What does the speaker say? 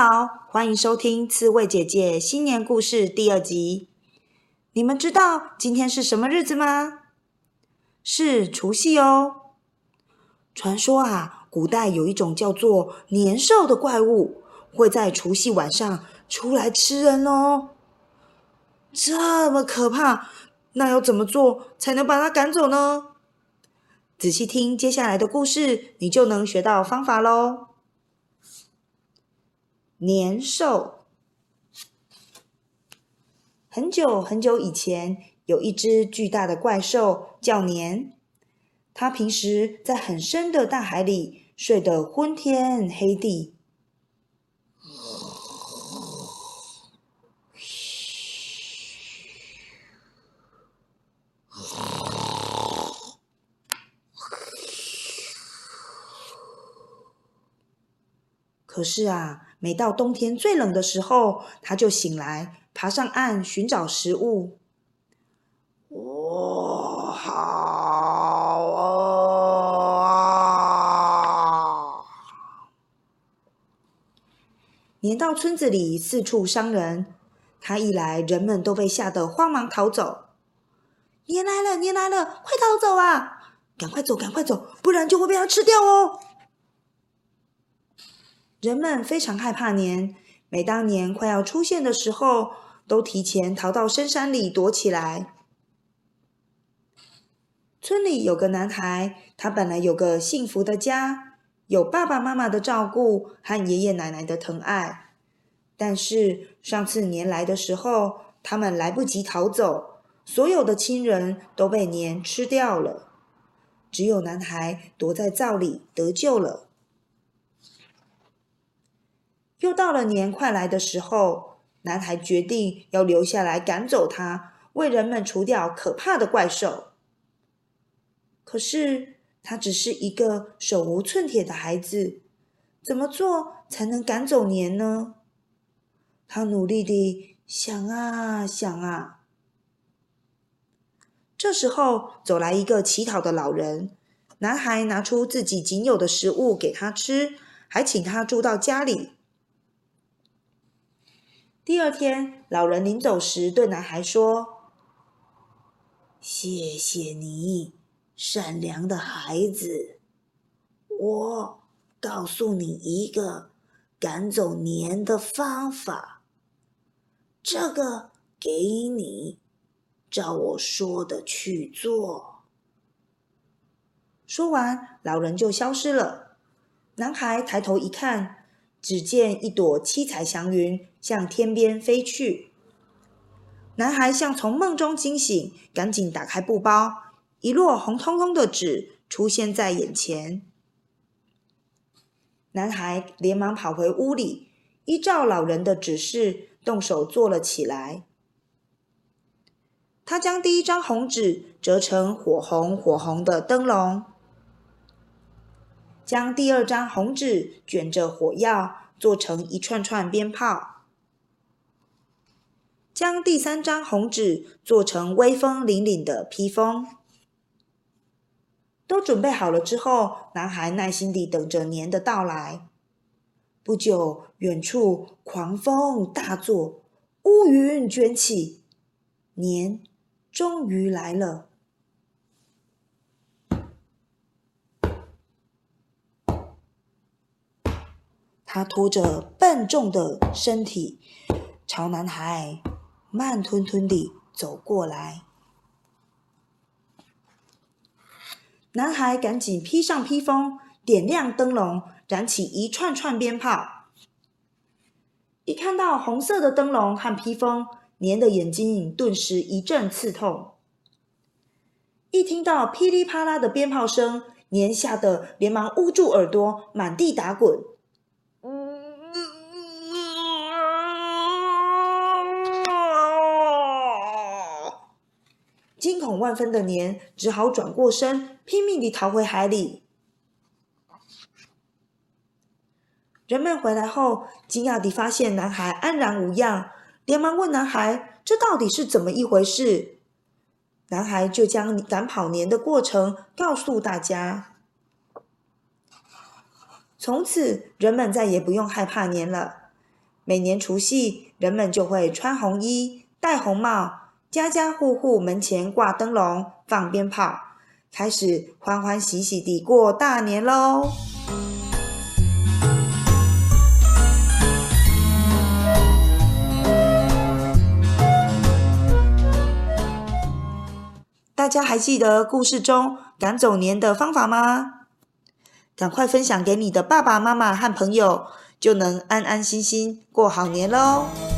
好，歡迎收聽刺蝟姐姐新年故事第二集。你們知道今天是什麼日子嗎？是除夕哦。傳說啊，古代有一種叫做年獸的怪物，會在除夕晚上出來吃人哦。這麼可怕，那要怎麼做才能把它趕走呢？仔細聽接下來的故事，你就能學到方法嘍。年獸。很久很久以前，有一隻巨大的怪獸叫年。它平時在很深的大海裡睡得昏天黑地。可是啊。每到冬天最冷的時候，他就醒來，爬上岸尋找食物。哦，好餓啊！年到村子裡四處傷人，他一來，人們都被嚇得慌忙逃走。年來了，年來了，快逃走啊！趕快走，趕快走，不然就會被他吃掉哦。人們非常害怕年，每當年快要出現的時候，都提前逃到深山裡躲起來。村裡有個男孩，他本來有個幸福的家，有爸爸媽媽的照顧和爺爺奶奶的疼愛。但是上次年來的時候，他們來不及逃走，所有的親人都被年吃掉了，只有男孩躲在灶裡得救了。又到了年快來的時候，男孩決定要留下來趕走它，為人們除掉可怕的怪獸。可是他只是一個手無寸鐵的孩子，怎麼做才能趕走年呢？他努力地想啊想啊。這時候走來一個乞討的老人，男孩拿出自己僅有的食物給他吃，還請他住到家裡。第二天，老人臨走時對男孩說：“謝謝你，善良的孩子。我告訴你一個趕走年的方法，這個給你，照我說的去做。”說完，老人就消失了。男孩抬頭一看。只見一朵七彩祥雲向天邊飛去。男孩像從夢中驚醒，趕緊打開布包，一摞紅彤彤的紙出現在眼前。男孩連忙跑回屋裡，依照老人的指示動手做了起來。他將第一張紅紙折成火紅火紅的燈籠。將第二張紅紙卷着火藥做成一串串鞭炮，將第三張紅紙做成威風凜凜的披風。都準備好了之後，男孩耐心地等着年的到來。不久，遠處狂風大作，烏雲卷起，年終於來了。他拖着笨重的身體，朝男孩慢吞吞地走過來。男孩趕緊披上披風，點亮燈籠，燃起一串串鞭炮。一看到紅色的燈籠和披風，年的眼睛頓時一陣刺痛。一聽到噼里啪啦的鞭炮聲，年嚇得連忙捂住耳朵，滿地打滾。萬分的年只好轉過身，拼命地逃回海裡。人們回來後，驚訝地發現男孩安然無恙，連忙問男孩：“這到底是怎麼一回事？”男孩就將趕跑年的過程告訴大家。從此，人們再也不用害怕年了。每年除夕，人們就會穿紅衣、戴紅帽。家家戶戶門前掛燈籠，放鞭炮，開始歡歡喜喜地過大年嘍！大家還記得故事中趕走年的方法嗎？趕快分享給你的爸爸媽媽和朋友，就能安安心心過好年嘍！